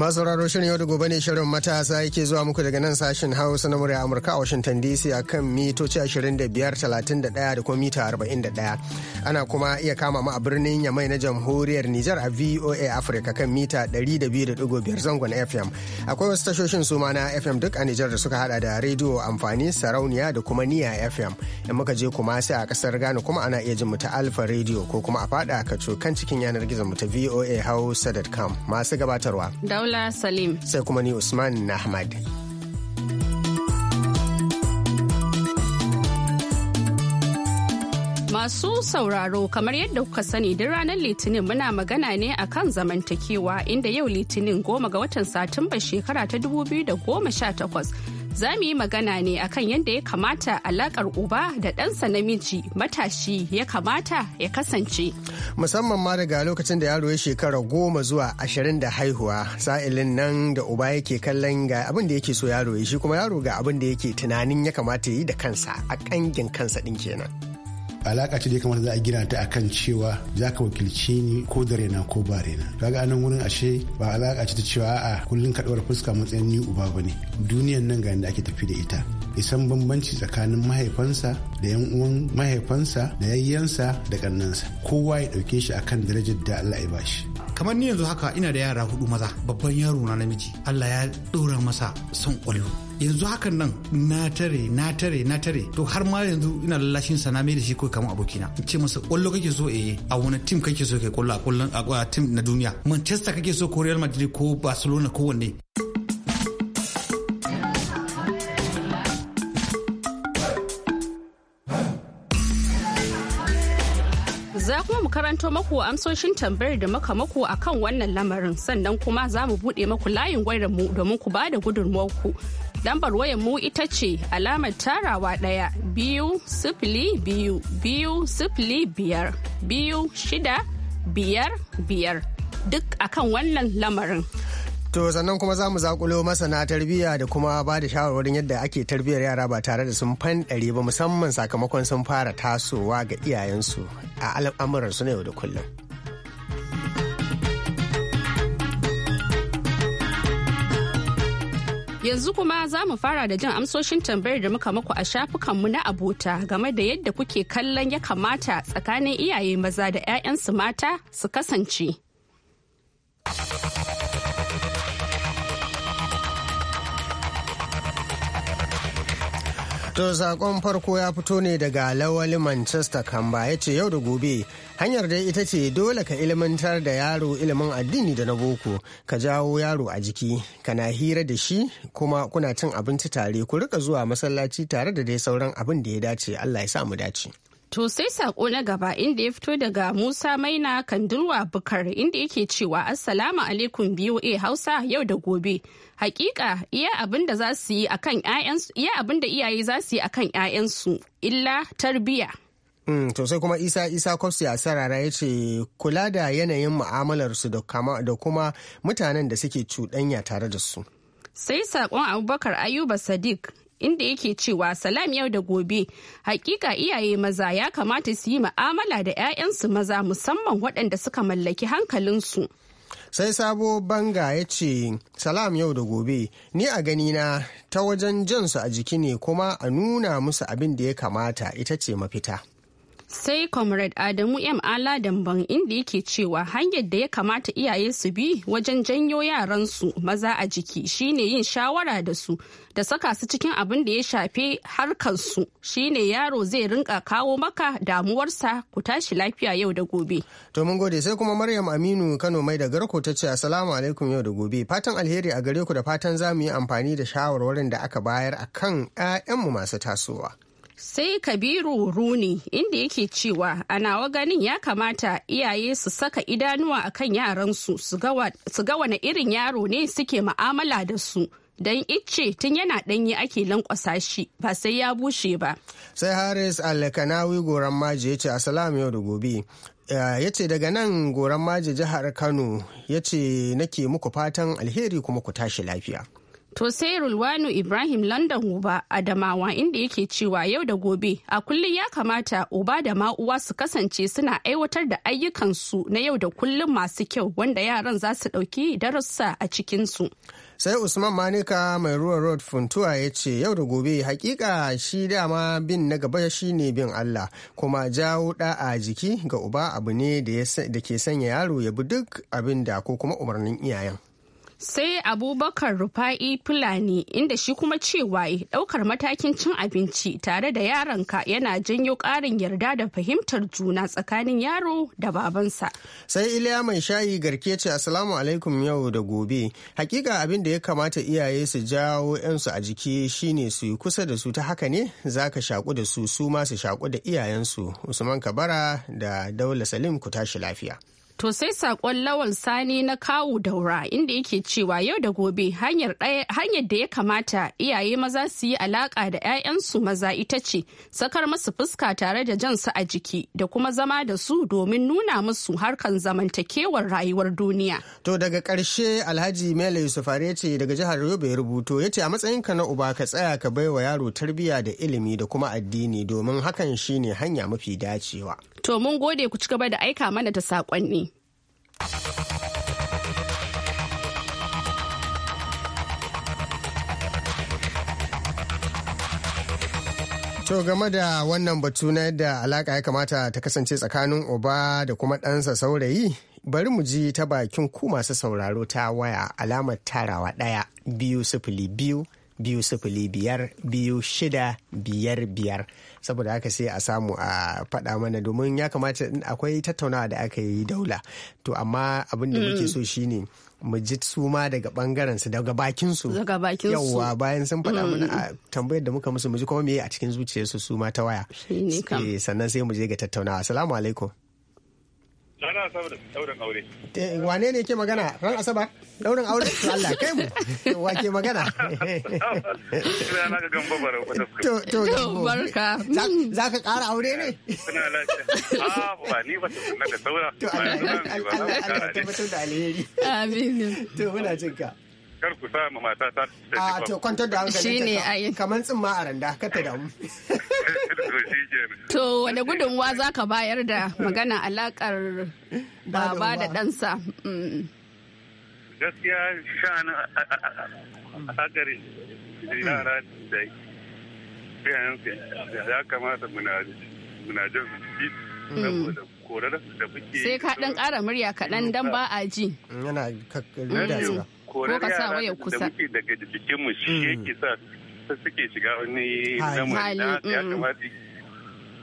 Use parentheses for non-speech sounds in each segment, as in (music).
masauraro shirin yau da gobe ne shirin matasa yake zuwa muku daga nan sashen hausa na murya amurka a washington dc a kan mitoci 25 da kuma mita 41 ana kuma iya kama mu a birnin yamai na jamhuriyar nijar a voa africa kan mita 200.5 zangon fm akwai wasu tashoshin suma na fm duk a nijar da suka hada da rediyo amfani sarauniya da kuma niya fm in muka je kuma sai a kasar ghana kuma ana iya jin mu ta alfa radio ko kuma a fada a kan cikin yanar gizon mu ta voa hausa.com masu gabatarwa Daula Salim. Sai kuma ni Usman Ahmad. Masu sauraro kamar yadda kuka sani duk ranar Litinin muna magana ne a kan zamantakewa inda yau Litinin goma ga watan Satumba shekara ta 2018 za mu yi magana ne akan yadda ya kamata alakar uba da ɗansa namiji matashi ya kamata ya kasance. Musamman ma daga lokacin da yaro ya shekara goma zuwa ashirin da haihuwa sa'ilin nan da uba yake kallon ga abin da yake so yaro ya shi kuma yaro ga abin da yake tunanin ya kamata ya yi da kansa a ƙangin kansa ɗin kenan. alaka ce da ya kamata za a gina ta akan cewa za ka wakilci ni ko da rena ko ba rena kaga nan wurin ashe ba alaka ce ta cewa a'a kullun ka ɗora fuska matsayin ni uba bane duniyan nan ga da ake tafi da ita isan bambanci tsakanin mahaifansa da yan uwan mahaifansa da yayyansa da kannansa kowa ya ɗauke shi akan darajar da Allah ya bashi kamar ni yanzu haka ina da yara hudu maza babban yaro na namiji Allah ya ɗora masa son ƙwallo yanzu hakan nan na tare na tare na tare to har ma yanzu ina lallashin sa na da shi ko kamar abokina in ce masa kwallo kake so eh a wani team kake so kai kwallo a kwallon a team na duniya Manchester kake so ko Real Madrid ko Barcelona ko wanne za mu karanto maku amsoshin tambayar da maka maku a kan wannan lamarin sannan kuma za mu buɗe maku layin gwairar mu domin ku ba da ku. Lambar wayar mu ita ce alamar tarawa ɗaya biyu sifili biyu biyu sifili biyar biyu shida biyar biyar duk akan wannan lamarin. To sannan kuma za mu zakulo masana tarbiyya da kuma ba da shawarwarin yadda ake tarbiyyar yara ba tare da sun fan ɗari ba musamman sakamakon sun fara tasowa ga iyayensu a al'amuransu na yau da kullum. Yanzu kuma za mu fara da jin amsoshin tambayar da muka muku a shafukanmu na abota game da yadda kuke kallon ya kamata tsakanin iyaye maza da 'ya'yansu mata su kasance. To sakon farko ya fito ne daga lawali Manchester Kamba ya ce yau da gobe hanyar dai ita ce dole ka ilimantar da yaro ilimin addini da na boko ka jawo yaro a jiki kana hira da shi kuma kuna cin abinci tare ku rika zuwa masallaci tare da dai sauran abin da ya dace Allah ya sa mu dace. To sai sako na gaba inda ya fito daga Musa Maina Kandilwa Bukar inda yake cewa Assalamu alaikum B-O-A' Hausa yau da gobe. Hakika iya abin da za yi akan iya abin da iyaye za su yi akan 'ya'yansu, illa tarbiya. Mm, to sai kuma isa isa kofsi a sarara ya ce kula da yanayin mu'amalarsu da kuma mutanen da suke cuɗanya tare da su. sai saƙon abubakar ayuba sadiq inda yake cewa salam yau da gobe hakika iyaye maza ya kamata su yi ma'amala da 'ya'yansu maza musamman waɗanda suka mallaki hankalinsu. sai sabo banga ya ce salam yau da gobe ni a ganina ta wajen jansu a jiki ne kuma a nuna musu abin da ya kamata ita ce mafita sai comrade adamu m ala damban inda yake cewa hanyar da ya kamata iyaye su bi wajen janyo yaransu maza a jiki shine yin shawara da su da saka su cikin abin da ya shafe harkarsu shine yaro zai rinka kawo maka damuwarsa ku tashi lafiya yau da gobe to mun gode sai kuma maryam aminu kano mai da garko ta ce assalamu alaikum yau da gobe fatan alheri a gare ku da fatan za mu yi amfani da shawarwarin da aka bayar akan 'ya'yanmu masu tasowa sai kabiru runi inda yake cewa a nawa ganin ya kamata iyaye su saka idanuwa akan yaransu su ga wani irin yaro ne suke ma'amala da su don icce tun yana ɗanyi ake lankwasa shi ba sai ya bushe ba sai haris alkanawi goran maji ya ce asalam yau da gobe ya ce daga nan goran maji jihar kano ya ce nake muku fatan alheri kuma ku tashi lafiya To sai Rulwanu Ibrahim London Uba Adamawa inda yake cewa yau da gobe a kullum ya kamata uba da ma uwa su kasance suna aiwatar da ayyukansu na yau da kullum masu kyau wanda yaran za su ɗauki darussa a cikinsu. Sai Usman Manika mai ruwa road funtuwa ya ce yau da gobe hakika shi dama bin na gaba shi ne bin Allah kuma jawo da a jiki ga uba abu ne da ke sanya yaro ya bi duk abin da ko kuma umarnin iyayen. sai abubakar rufa'i fulani inda shi kuma cewa ɗaukar matakin cin abinci tare da yaronka yana janyo ƙarin yarda da fahimtar juna tsakanin yaro da babansa sai iliya mai shayi garke ce asalamu alaikum yau da gobe hakika abin da ya kamata iyaye su jawo yansu a jiki shine su yi kusa da su ta haka ne za ka shaku da su su ma su shaku da iyayensu usman kabara da daula salim ku tashi lafiya To sai sakon lawal sani na kawu daura inda yake cewa yau da gobe hanyar da ya kamata iyaye maza su yi alaka da 'ya'yansu maza ita ce sakar masu fuska tare da jan su a jiki da kuma zama da su domin nuna musu harkan zamantakewar rayuwar duniya. To daga karshe Alhaji Mele Yusufare ce daga jihar Yobe ya rubuto ya ce a matsayinka na uba ka tsaya ka baiwa yaro tarbiyya da ilimi da kuma addini domin hakan shine hanya mafi dacewa. To mun gode ku ci gaba da aika mana ta saƙonni. To game da wannan batu na yadda alaka ya kamata ta kasance tsakanin oba da kuma ɗansa saurayi bari mu ji ta bakin ku masu sauraro ta waya alamar tarawa ɗaya biyu sifili biyu biyu sifili biyar biyu shida biyar biyar saboda haka sai a samu a faɗa mana domin ya kamata akwai tattaunawa da aka yi daula to amma abin da mm. muke so shine mu ji su ma daga bangaren su daga bakin su daga bakin su yawa bayan sun faɗa mana mm. a tambayar da muka musu mu ji kuma me a cikin zuciyarsu su ma ta waya eh, sannan sai mu je ga tattaunawa assalamu alaikum Rana Asabar eh, Wane ne ke magana? Ran Asabar? Daurin aure? To Allah kai mu. Wa ke magana? to To to barka. Za ka ƙara aure ne? Kuna lafiya. Ah, ba ni ba ta na da saura. To Allah Allah ta tabbatar da alheri. Amin. To muna jin ka. kar ku sa ma mata ta a ah, to kwantar da hankali ta ai kamar tsimma a randa ka ta damu (laughs) To wani gudunwa za ka bayar da magana alakar baba da ɗansa? Gaskiya alakar yara da ya kamata muna jin saboda korar da muke sai ka ɗan ƙara murya kaɗan dan ba a ji yana kakkarin da ko ka sa waya kusa da muke daga jikinmu shi mm. sa sai suke shiga wani zamani da ya kamata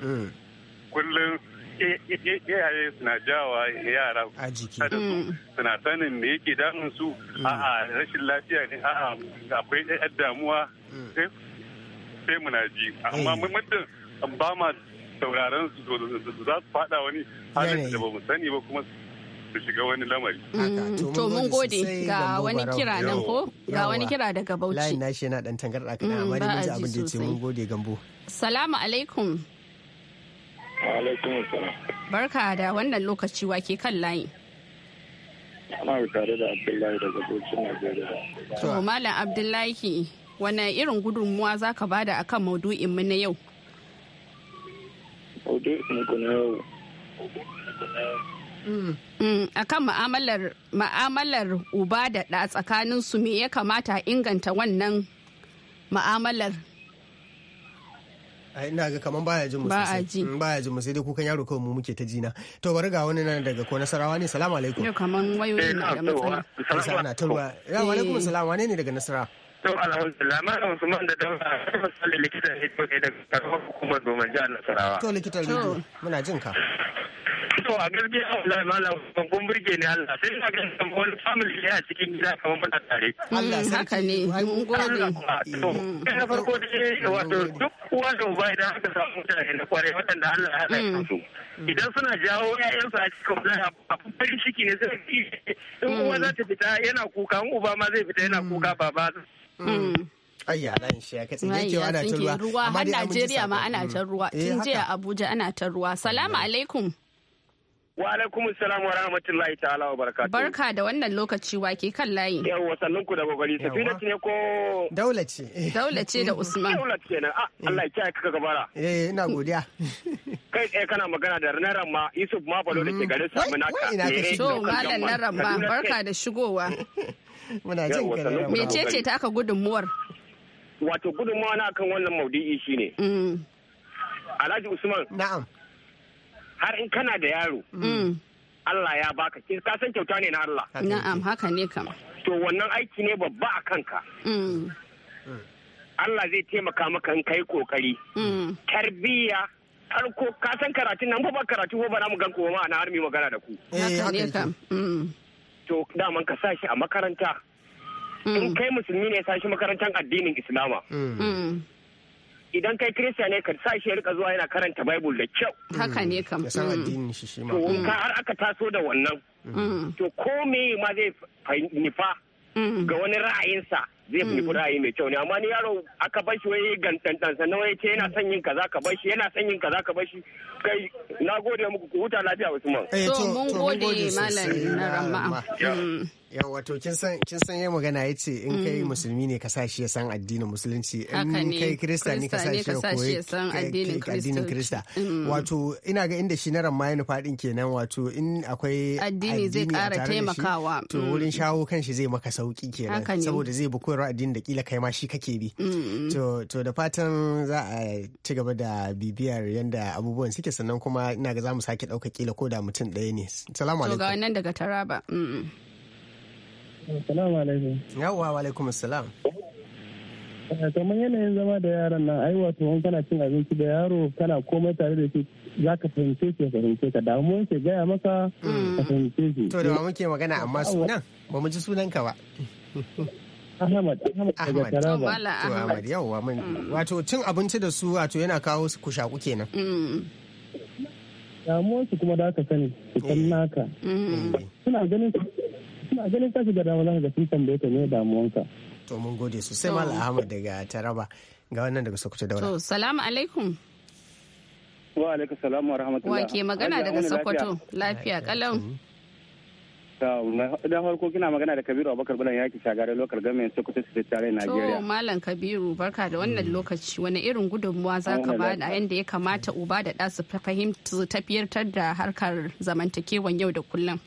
mm. kullum eh, eh, eh, iyaye suna jawa yara a jiki mm. suna sanin me yake damun su mm. a rashin lafiya ne a akwai ɗan damuwa sai muna ji amma muddin ba ma sauraron su za su fada wani halin da ba mu sani ba kuma su shiga wani lamari. Mm, to mun gode ga wani kira nan ko ga wani kira daga Bauchi. Layin nashi yana dan tangarda kana mm, amma dai mun ji abin da ce mun gode gambo. Salamu alaikum. Alaikum assalam. Barka da wannan lokaci wake kan layi. Ana tare da Abdullahi daga Bauchi Najeriya. To Malam Abdullahi wane irin gudunmuwa za ka bada akan maudu'in mu na yau? Maudu'in na yau. Mm, akan ma'amalar ma'amalar uba da ɗa tsakanin su me ya kamata inganta wannan ma'amalar ina ga kaman baya jin musu mm, baya jin dai kukan yaro kawai mu muke ta jina to bari ga wani nan daga ko nasarawa ne salamu alaikum yau kaman wayoyi na da eh, matsala sai ana ya wa alaikum salam wane ne daga nasara to alhamdulillah malam da dan likita ne to daga karamar hukumar domin jihar nasarawa to likita muna jin ka to a gaskiya wallahi malam kun burge ni Allah sai na ga wani family ne a cikin gida kamar muna tare Allah haka ne mun gode to mm. na farko dai mm. eh, wato duk uwa da uba idan aka samu mutane na kware waɗanda Allah ya haɗa mm. su idan suna jawo ƴaƴansu a cikin wani abu a ciki ne zai fi in uwa za ta fita yana kuka in uba ma zai fita yana kuka baba Ayya ran shi ya katsi ne cewa ana ta ruwa. Amma Najeriya ma ana ta ruwa. Tun eh, jiya Abuja ana ta ruwa. Salamu alaikum. Wa alaikum salam wa rahmatullahi ta'ala wa barakatuhu. Barka da wannan lokaci wake kan layi. Yawwa sannun ku da gogari safina ne ko Daula ce. Daula ce da Usman. Daula kenan. Ah eh. Allah ya kiyaye ka gabara. Eh ina godiya. Kai eh kana magana da Naran ma Yusuf ma balo da ke hmm. garin Saminaka. Ina ka eh, so malam Naran ba barka da shigowa. (laughs) Muna jin kare. Mecece ta aka gudunmuwar? Wato gudunmuwa na kan wannan maudu'i shine. Mm. Alhaji Usman. Na'am. har in kana da yaro mm. Allah ya baka kin ka san kyauta ne na Allah na'am haka ne kam to wannan aiki ne babba a kanka mm. Allah zai taimaka maka in kai kokari mm. tarbiyya farko ka san karatun nan ba karatu ba na mu gan ko ma na har magana da ku eh, haka ne kam to daman ka sashi a makaranta in kai musulmi ne sashi makarantar addinin islama idan kai kirista ne ka sa shi ya rika zuwa yana karanta bible da kyau haka ne kam ya san mm. addinin shi shi ma to mm. ka har aka taso da wannan mm. to ko me ma zai nifa ga wani ra'ayin sa. zai fi ra'ayi mai kyau ne amma ni yaro aka bar shi wai gantantan sannan wai ce yana son yin kaza ka bar shi yana son yin kaza ka bar shi kai na gode muku ku huta lafiya wasu man. Eh, to mun gode malam na ramma yawa to kin san kin magana ya ce in kai mm. musulmi ne ka sashi ya san addinin musulunci in kai krista ne ka sashi ya koyi addinin krista mm. wato ina ga inda shi na ramma fadin kenan wato in akwai addini zai kara taimakawa to mm. wurin shawo kan shi zai maka sauki kenan saboda zai bi koyarwa addinin da kila kai ma shi kake bi to da fatan za a ci gaba da bibiyar yanda abubuwan suke sannan kuma ina ga za mu sake ɗauka kila ko da mutum ɗaya ne salamu alaikum to ga wannan daga taraba Assalamu alaikum. Yawwa wa alaikum assalam. kamar eh, yanayin zama da yaran nan ai wato in kana cin abinci da yaro kana komai tare da shi za ka fahimce shi ya fahimce ka damuwar ke gaya maka ka mm. fahimce shi. To da ba muke magana amma sunan ba mu ji sunan ka ba. Ahmad Ahmad daga Ahmad yawwa mun mm. wato cin abinci da su wato yana kawo su kushaku kenan. Mm. Damuwar shi kuma da ka sani su san naka. Suna ganin a ganin ka shiga damuwa za ka sun tambaye ka ne damuwanka. To mun gode su sai Malam Ahmad daga Taraba ga wannan daga Sokoto Daura. To salamu alaikum. Wa alaikum salamu wa rahmatullah. Wa ke magana daga Sokoto lafiya kalau. Dan mm-hmm. farko kina magana da Kabiru Abubakar Bulan yaki shagare lokal gamin Sokoto State tare Najeriya. To Malam Kabiru barka da wannan mm. lokaci wani irin gudunmuwa za ka ba da yanda ya kamata uba da ɗa su fahimta tafiyartar da harkar zamantakewan yau da kullum.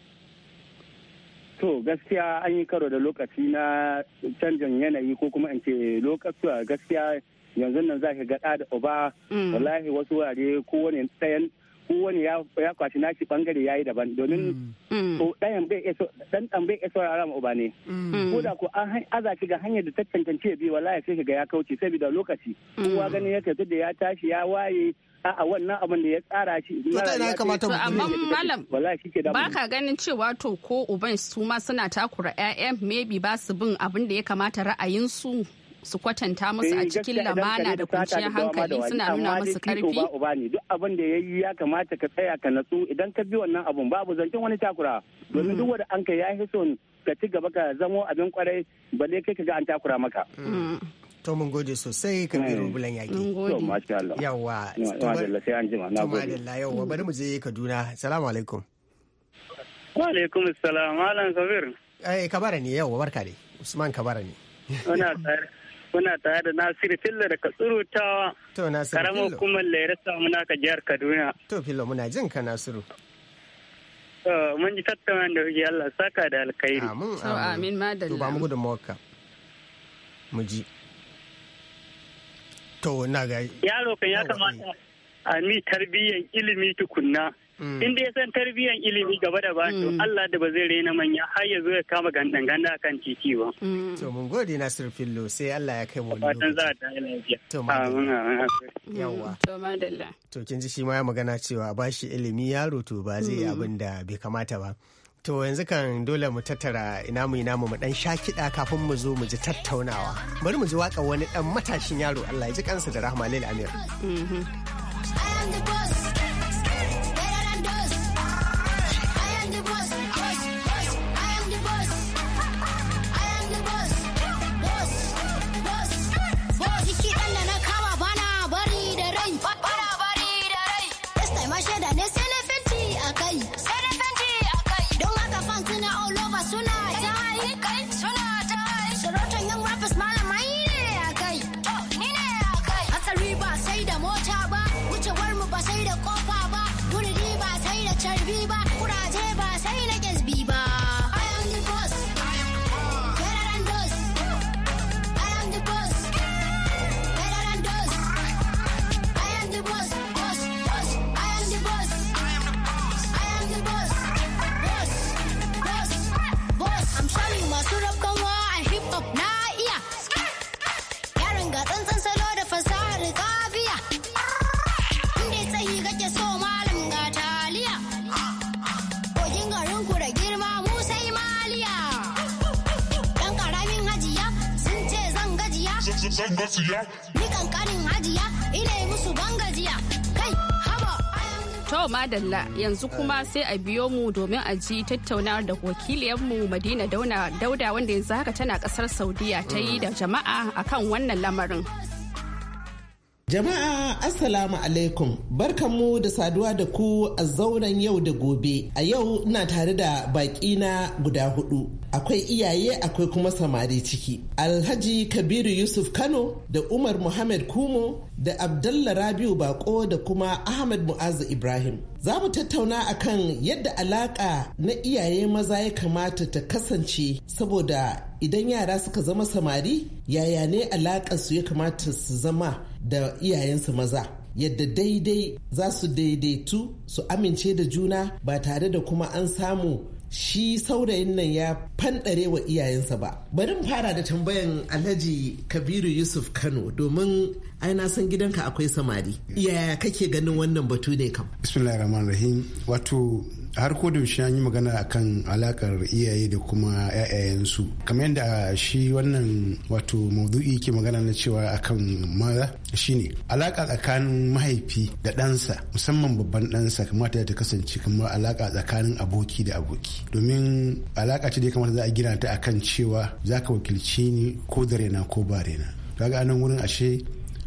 To gaskiya an yi karo da lokaci na canjin yanayi ko kuma in ce lokaci gaskiya yanzu nan za ka gaɗa da uba mm. wallahi wasu wurare kowane tsayan kowane ya kwashi naki bangare yayi daban domin mm. ɗayan bai iso dan dan bai iso uba ne mm. ko da ko an aza ga hanyar da ta cancance bi wallahi sai ga ya kauce sabida lokaci kowa ganin yake da ya tashi ya waye a'a wannan abin da ya tsara shi malam ba ka ganin cewa to ko uban su ma suna takura ƴaƴan maybe ba su bin abin da ya kamata ra'ayin su su kwatanta musu a eh, cikin lamana da kwanciyar hankali suna nuna musu karfi ba duk abin da yayi ya kamata ka tsaya ka natsu idan ka bi wannan abun babu zancen wani takura domin duk mm. wanda an ka ya fi son ka ci gaba ka zamo abin kwarai balle kai ka ga an takura maka mm. to mun gode sosai kabiru eh, bulan yaki yawa to madalla yawa bari mu je kaduna salamu alaikum wa alaikum salam malam sabir eh kabara ne yawa barka dai. usman kabara ne muna tare muna tare da nasiru fillo da Tawa. to nasiru karamar hukumar lera samuna ka jihar kaduna to fillo muna jin ka nasiru mun ji tattauna da kuke Allah saka da alkhairi amin amin madalla mu gudun mu ji To na ga. Yaro kan ya eh. kamata a mi tarbiyyan ilimi tukunna. Mm. In dai san tarbiyyan ilimi gaba da ba to mm. Allah da ba zai raina manya har ya zo ya kama gandan ganda kan titi ba. Mm. To mun gode Nasir Fillo sai Allah ya kai mu wani lokaci. za ta lafiya. To madalla. Yawwa. To madalla. To kin ji shi ma ya magana cewa ba shi ilimi yaro to ba zai abin da bai kamata ba. To yanzu kan dole mu tattara ina mu ina mu mu dan sha kiɗa kafin mu zo mu ji tattaunawa. Bari mu ji waka wani dan matashin yaro Allah ya ji kansa da rahama Lil Amir. Mm-hmm. zan gaskiya. Ni kankanin hajiya ina yi musu ban gajiya. Kai, haba. To madalla yanzu kuma sai a biyo mu domin a ji tattaunawar da mu Madina Dauda wanda yanzu haka tana kasar Saudiya ta yi da jama'a akan wannan lamarin. Jama'a Assalamu alaikum barkanmu da saduwa da ku a zauren yau da gobe. A yau ina tare da baƙi na guda hudu. Akwai iyaye akwai kuma samari ciki. Alhaji Kabiru Yusuf Kano da Umar Muhammad Kumo da Abdallah Rabiu Bako da kuma Ahmad Mu'azu Ibrahim. Za mu tattauna akan yadda alaƙa na iyaye maza ya kamata ta kasance saboda idan yara suka zama samari yaya ne alaƙar su ya kamata su zama da iyayensu maza yadda daidai za su daidaitu su amince da juna ba tare da kuma an samu shi saurayin nan ya fanɗare wa iyayensa ba bari fara da tambayan alhaji kabiru yusuf kano domin ai na san gidanka akwai samari yaya kake ganin wannan batu ne kam bismillahirrahmanirrahim wato har ko da an yi magana akan alakar iyaye da kuma yayayensu kamar yadda shi wannan wato maudu'i ke magana na cewa akan maza shine alaka tsakanin mahaifi da ɗansa musamman babban ɗansa kamata ta kasance kamar alaka tsakanin aboki da aboki domin alaka ce da ya za a gina ta akan cewa za ka wakilci ni ko da rena ko ba rena ga anan wurin ashe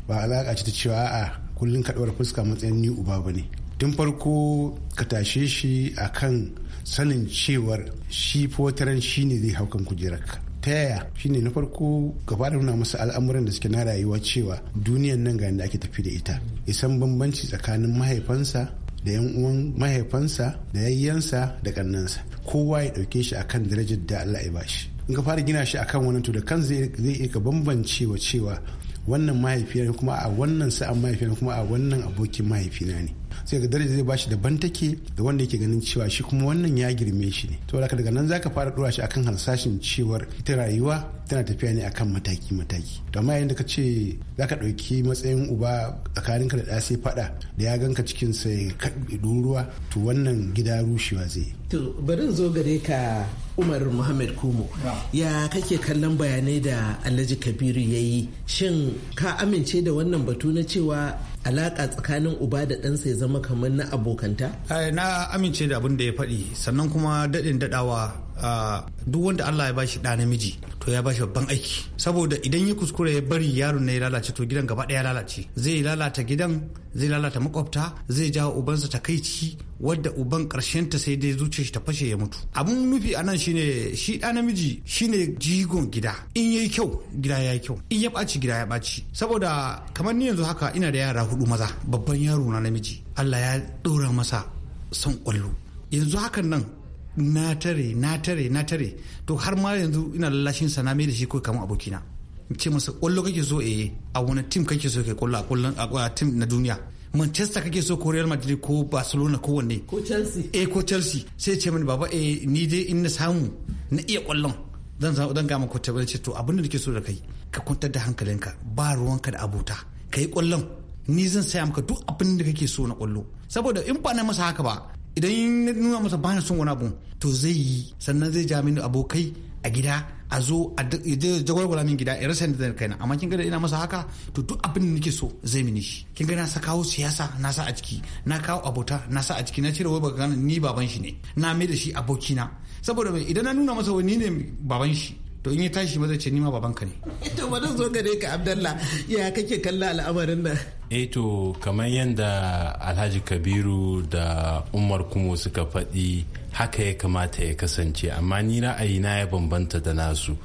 ba alaƙa ce ta cewa a kullum kaɗuwar fuska matsayin ni uba ba ne tun farko ka tashe shi a kan sanin cewar shi fotaran shi ne zai hau haukan kujerar ta yaya shi ne na farko gaba da nuna masa al'amuran da suke na rayuwa cewa duniyan nan ga da ake tafi da ita isan bambanci tsakanin mahaifansa da yan uwan mahaifansa da yayyansa da kannansa kowa ya ɗauke shi akan darajar da Allah ya bashi in ka fara gina shi akan wani to da kan zai iya bambancewa cewa wannan mahaifiyar kuma a wannan sa'an mahaifiyar kuma a wannan abokin mahaifina ne sai ga daraja zai bashi daban take da wanda yake ganin cewa shi kuma wannan ya girme shi ne to daga nan zaka fara dora shi akan harsashin cewar ita rayuwa tana tafiya ne akan mataki mataki to amma yayin da ka ce zaka dauki matsayin uba ka da ɗa sai fada da ya ganka cikin sai ruwa to wannan gida rushewa zai to bari zo gare ka umar muhammad kumo ya kake kallon bayanai da alhaji kabiru yayi shin ka amince da wannan batu na cewa Alaƙa tsakanin uba da ɗansa ya zama kamar na abokanta? Eh, na amince da abin da ya faɗi sannan kuma daɗin daɗawa duk wanda Allah ya bashi ɗa namiji to ya bashi babban aiki saboda idan ya kuskure ya bari yaron na ya lalace to gidan gaba ɗaya lalace zai lalata gidan zai lalata makwabta zai jawo ubansa ta kai ciki wadda uban ta sai dai zuciya ta fashe ya mutu abun nufi a nan shine shi ɗa namiji shine jigon gida in yayi kyau gida yi kyau in ya ɓaci gida ya ɓaci saboda kamar ni yanzu haka ina da yara hudu maza babban yaro na namiji Allah ya ɗora masa son kwallo. yanzu hakan nan na tare na tare na tare to har ma yanzu ina lallashin sa na mai da shi ko kamar abokina ce masa kwallo kake so eh a wani tim kake so kai kwallo a kwallo a tim na duniya Manchester kake so ko Real Madrid ko Barcelona ko wanne ko Chelsea eh ko Chelsea sai ce mini baba eh ni dai in na samu na iya kwallon zan zan ga maka tabbata ce to abin da nake so da kai ka kwantar da hankalinka ba ruwanka da abota kai kwallon ni zan saya maka duk abin da kake so na kwallo saboda in ba na masa haka ba idan na nuna masa bani son wani abu to zai yi sannan zai ja mini abokai a gida a zo a jagwalgwala min gida ya sanda da kaina amma kin gada ina masa haka to duk abin da nake so zai mini shi kin ga na sa kawo siyasa na sa a ciki na kawo abota na sa a ciki na cire wai baka ni baban shi ne na mai da shi abokina saboda mai idan na nuna masa wani ne baban shi to in ya tashi maza ce ni ma babanka ne (laughs) to bari zo gare ka abdallah ya kake kalla al'amarin nan eto eh kamar yadda alhaji kabiru da umar kumo suka faɗi haka ya kamata ya kasance amma ni ra'ayina ya bambanta da nasu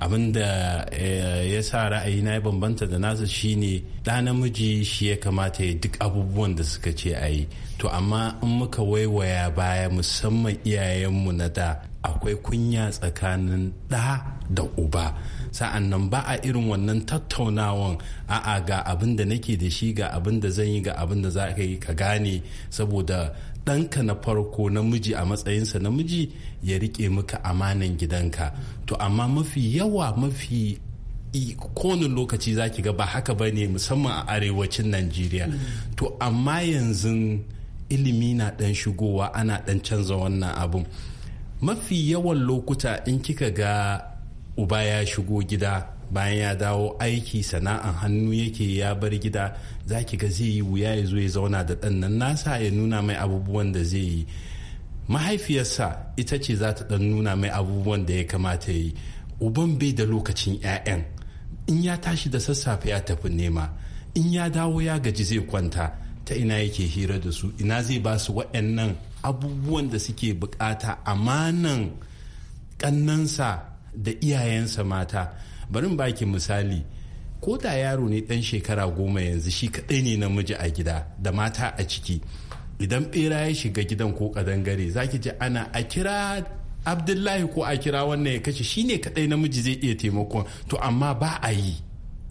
abin da eh, ya sa ra'ayina ya bambanta da nasa shine ɗa namiji shi ya kamata ya duk abubuwan da suka ce a yi to amma in muka waiwaya baya musamman iyayenmu na da akwai kunya tsakanin ɗa da uba sa'an nan ba a irin wannan tattaunawan a'a ga abin da nake da shi ga abin da zan yi ga abin da za ka yi ka gane saboda ɗanka na farko namiji a matsayinsa namiji ya rike maka amanan gidanka to amma mafi yawa mafi kowane lokaci za ki ga ba haka ba ne musamman a arewacin najeriya mm. to amma yanzu ilimi na ɗan shigowa ana ɗan canza wannan abun mafi yawan lokuta in kika ga uba ya shigo gida bayan ya dawo aiki sana'an hannu yake ya bar gida za ki ga zai yi wuya ya zo ya zauna da ɗan nan nasa ya nuna mai abubuwan da zai yi mahaifiyarsa ita ce za ta ɗan nuna mai abubuwan da ya kamata ya yi uban bai da lokacin 'ya'yan in ya tashi da sassafe ya tafi nema in ya dawo ya gaji zai kwanta ta ina yake hira da su ina zai ba su waɗannan abubuwan da suke bukata amanan ƙannansa da iyayensa mata barin baki misali ko da yaro ne dan shekara goma yanzu shi kaɗai ne namiji a gida da mata a ciki idan bera ya shiga gidan ko ƙadangare zaki ji ana a kira abdullahi ko a kira wannan ya kashe shi ne kaɗai namiji zai iya taimakon to amma ba a yi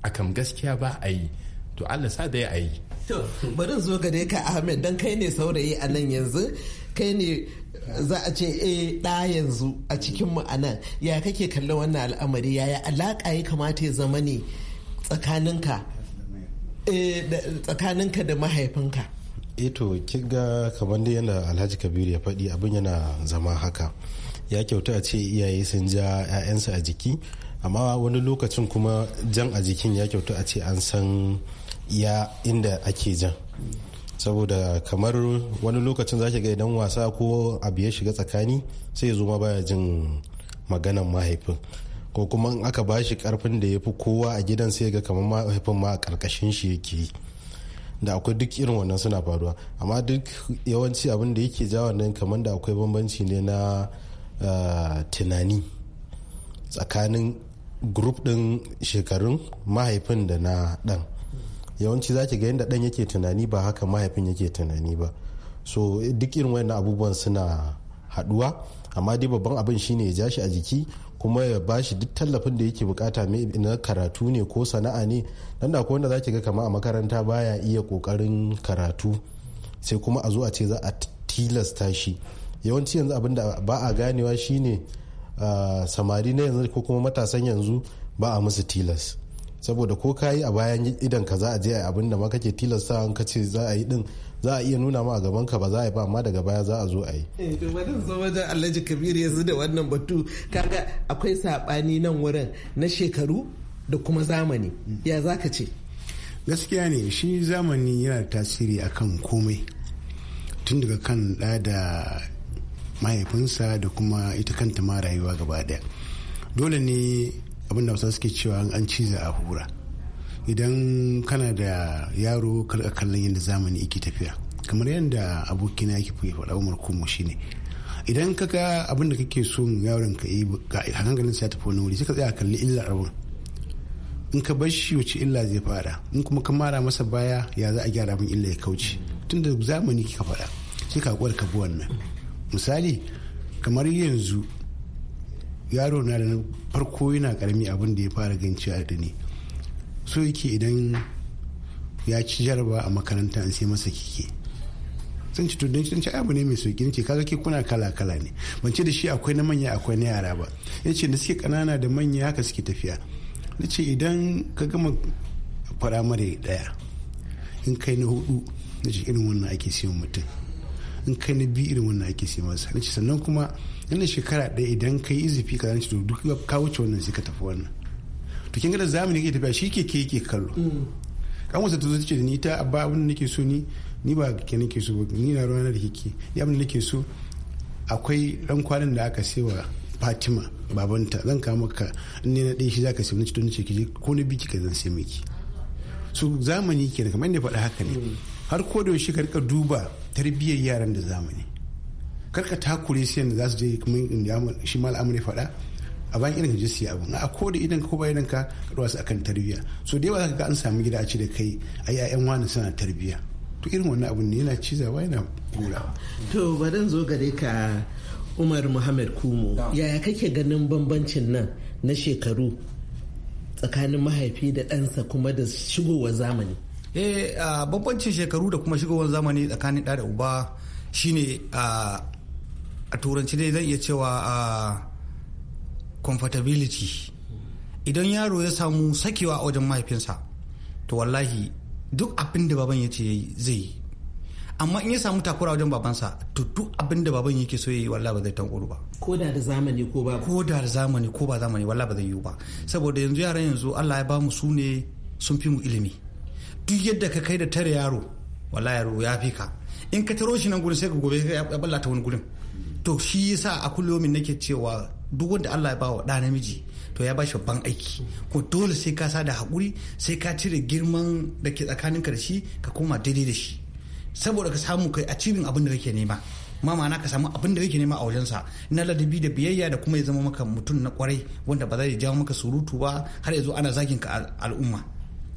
a kam gaskiya ba a yi to allah sa da ya a yi To, bari zo gare ka Ahmed don kai ne saurayi a nan yanzu, kai ne za a ce eh ɗa yanzu a cikinmu a nan. Ya kake kalla wannan al'amari yaya alaƙa ya kamata ya zama ne tsakaninka eh, da mahaifinka. Eto, eh kiga kamar da yana Alhaji Kabiru ya faɗi abin yana zama haka. Ya kyauta a ce iyaye sun ja 'ya'yansu a jiki, amma wani lokacin kuma jan a jikin ya kyauta a ce an san iya inda ake jan saboda kamar wani lokacin zaki ga idan wasa ko abu ya shiga tsakani sai ya zo ma baya jin maganan mahaifin ko kuma in aka ba shi karfin da ya fi kowa a gidan sai ga kamar mahaifin ma a karkashin shi yake yi da akwai duk irin wannan suna faruwa amma duk yawanci abin da yake ja wannan kamar da akwai bambanci ne na eh, tunani tsakanin grup din shekarun mahaifin da na dan yawanci zaki ga yadda dan yake tunani ba haka mahaifin yake tunani ba so duk irin wayannan abubuwan suna haduwa amma dai babban abin shine ya ja shi a jiki kuma ya ba duk tallafin da yake bukata na karatu ne ko sana'a ne nan da akwai wanda zaki ga kama a makaranta baya iya kokarin karatu sai kuma a zo a ce za a tilasta shi yawanci yanzu abin da ba a ganewa shine ah, samari na yanzu ko kuma matasan yanzu ba a musu tilas saboda ko ka yi a bayan idan ka za a je a abin da ma kake tilasta an ka ce za a yi din za a iya nuna ma a gaban ka ba za a yi ba amma daga baya za a zo a yi. Eh, to zo wajen Alhaji Kabir yanzu da wannan batu akwai saɓani nan wurin na shekaru da kuma zamani ya za ka ce. gaskiya ne shi zamani yana da tasiri akan komai tun daga kan ɗa da mahaifinsa da kuma ita kanta ma rayuwa gaba daya dole ne abin da suke cewa an ciza a hura idan kana da yaro karka kallon yadda zamani yake tafiya kamar yadda abokina yake faɗa umar kuma ne idan ka ga abin da kake so yaron ka yi hankalin sa tafi wani wuri sai ka tsaya kalli illa abin in ka bar shi wace illa zai fara in kuma ka mara masa baya ya za a gyara abin illa ya kauce tun da zamani ka faɗa sai ka kwar ka bi wannan misali kamar yanzu yaro na da farko yana karami abin da ya fara gan cewa da ni so yake idan ya ci jaraba a makaranta an sai masa kike sun ci tudun ci abu ne mai sauki ne ce kaga ke kuna kala kala ne ban ce da shi akwai na manya akwai na yara ba ya ce da suke kanana da manya haka suke tafiya na ce idan ka gama fara mara daya in kai na hudu na ce irin wannan ake siyan mutum in kai na biyu irin wannan ake siyan masa na ce sannan kuma nan shekara ɗaya idan ka yi izifi ka zanci duk ka wuce wannan sai ka tafi wannan to kin ga zamani ke tafiya shi ke ke kallo kan wasa ta ce da ni ta abba abin da nake so ni ni ba ke nake so ba ni na ruwa da kike ni abin da nake so akwai ran kwanan da aka sewa Fatima babanta zan kawo maka in ne na ɗaya shi zaka sai wani cikin ce ko na biki ka zan sai miki su zamani ke kamar inda faɗa haka ne mm. har ko da yaushe ka duba tarbiyyar yaran da zamani karka takure siyan da za su je kamar inda shi faɗa a bayan irin je siya abu a ko da idan ko bayan ka karuwa su akan tarbiyya so da yawa zaka ga an samu gida a ci da kai a yayan wani suna tarbiyya to irin wannan abu ne yana zawa yana kura to bari zo gare ka Umar Muhammad Kumo yaya kake ganin bambancin nan na shekaru tsakanin mahaifi da ɗansa kuma da shigowar zamani eh ah, bambancin shekaru da kuma shigowar zamani tsakanin ɗa da uba shine ah, a turanci dai zan iya cewa a comfortability idan yaro ya samu sakewa a wajen mahaifinsa to wallahi duk abin da baban ya ce zai yi amma in ya samu takura wajen babansa to duk abin da baban yake so ya yi wallahi ba zai tankuru ba ko da da zamani ko ba ko da da zamani ko ba zamani wallahi ba zai yi ba saboda yanzu yaran yanzu Allah ya bamu su ne sun fi mu ilimi duk yadda ka kai da tare yaro wallahi yaro ya fi ka in ka taro shi nan gurin sai ka gobe ya ballata wani gurin to shi yasa a kullumin nake cewa duk wanda Allah ya ba wa ɗa namiji to ya ba shi babban aiki ko dole sai ka sada hakuri sai ka cire girman da ke ka da shi ka koma daidai da shi saboda ka samu kai a cibin abin da kake nema ma ma'ana ka samu abin da kake nema a wajensa na ladabi da biyayya da kuma ya zama maka mutum na kwarai wanda ba zai jawo maka surutu ba har ya zo ana zakin ka al'umma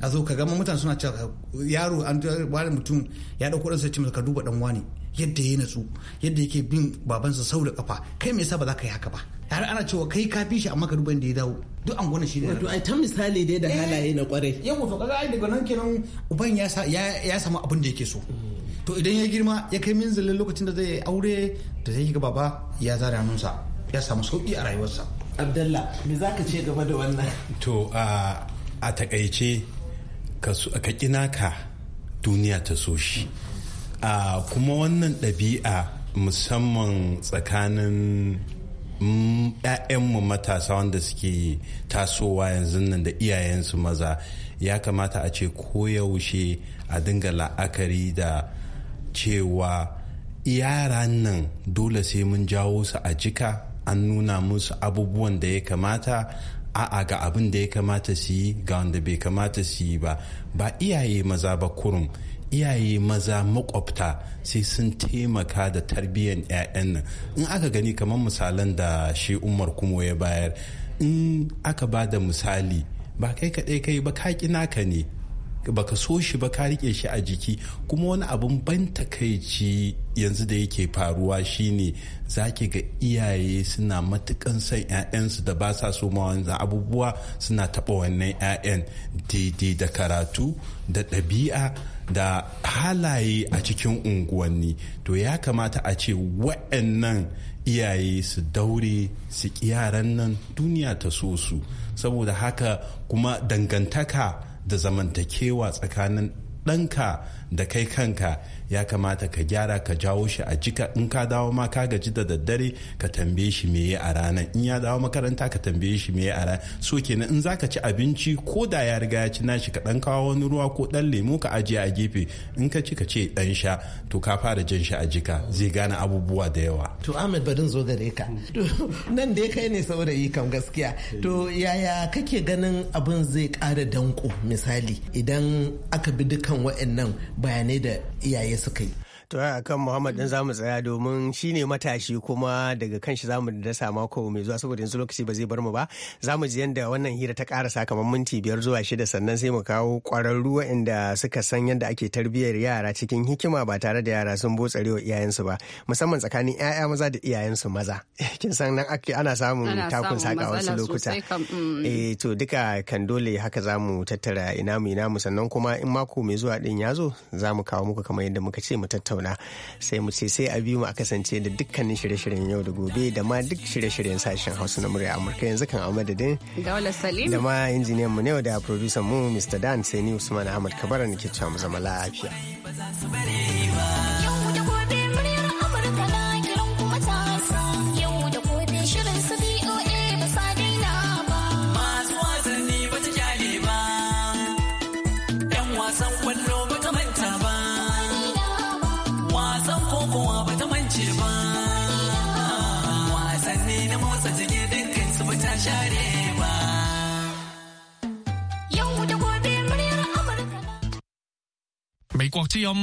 a zo ka gama mutane suna cewa yaro an wani mutum ya ɗauko ɗansa ce ka duba ɗan wani yadda ya natsu yadda yake bin babansa sau da kafa kai me yasa ba za ka yi haka ba yare ana cewa kai ka fi shi amma ka duban da ya dawo duk an gwana shi ne wato ai ta misali dai da eh, halaye na kwarai yawa to kaga ai daga nan kenan uban ya ya samu abin da yake so to idan ya girma ya kai minzalin lokacin da zai aure da zai ga baba ya zara nunsa ya samu sauki a rayuwarsa abdalla me za ka ce game da wannan to a takaice ka ƙi ka duniya ta so shi kuma wannan ɗabi'a musamman tsakanin ‘ya'yanmu matasa wanda suke tasowa yanzu nan da iyayensu maza ya kamata a ce koyaushe a dinga la'akari da cewa yaran nan dole sai mun jawo su a jika an nuna musu abubuwan da ya kamata a'a ga abin da ya kamata su yi ga wanda bai kamata su yi ba ba iyaye maza ba kurum iyaye maza makwabta sai sun taimaka da tarbiyyar 'ya'yan nan in aka gani kamar misalan da shi umar kuma ya bayar in aka ba da misali ba kai kaɗai kai ba ka ƙina ka ne ba ka so shi ba ka riƙe shi a jiki kuma wani abin ban takaici yanzu da yake faruwa shine zaki ga iyaye suna matukan son 'ya'yansu da ba sa so wanzan abubuwa suna taɓa wannan 'ya'yan daidai da karatu da ɗabi'a da halaye a cikin unguwanni to ya kamata a ce wa'annan iyaye su daure su yaran nan duniya ta so su saboda haka kuma dangantaka da zamantakewa tsakanin ɗanka da kai kanka ya kamata ka gyara ka jawo shi a jika in ka dawo ma ka gaji da daddare ka tambaye shi me a ranar in ya dawo makaranta ka tambaye shi me a ranar so kenan in zaka ci abinci ko da ya riga ya ci nashi ka dan kawo wani ruwa ko dan lemo ka ajiye a gefe in ka ci ka ce dan sha to ka fara jan shi a jika zai gane abubuwa da yawa to Ahmed barin zo gare ka nan dai kai ne saurayi kam gaskiya to yaya kake ganin abin zai kara danko misali idan aka bi dukan waɗannan bayanai da iyaye suka yi to a kan muhammad din mm. zamu tsaya domin shi ne matashi kuma daga kan shi zamu dasa mako mai zuwa saboda yanzu lokaci ba zai bar mu ba zamu ji yanda wannan hira ta karasa kamar minti biyar zuwa shida sannan sai mu kawo kwararru waɗanda suka san yadda ake tarbiyyar yara cikin hikima ba tare da yara sun wa iyayensu ba musamman tsakanin 'ya'ya maza da iyayensu maza (laughs) kin san nan ake ana samun takun saka wasu lokuta mm. eh to duka kan dole haka zamu tattara ina mu ina mu sannan kuma in mako mai zuwa din ya zo zamu kawo muku kamar yadda muka ce mu tattara tattauna sai mu ce sai a biyu mu a kasance da dukkanin shirye-shiryen yau da gobe da ma duk shirye-shiryen sashen hausa na murya amurka yanzu kan a madadin da ma injiniyan mu yau da producer mu mr dan sai ni usman ahmad kabara ke cewa mu zama lafiya. 美国之音。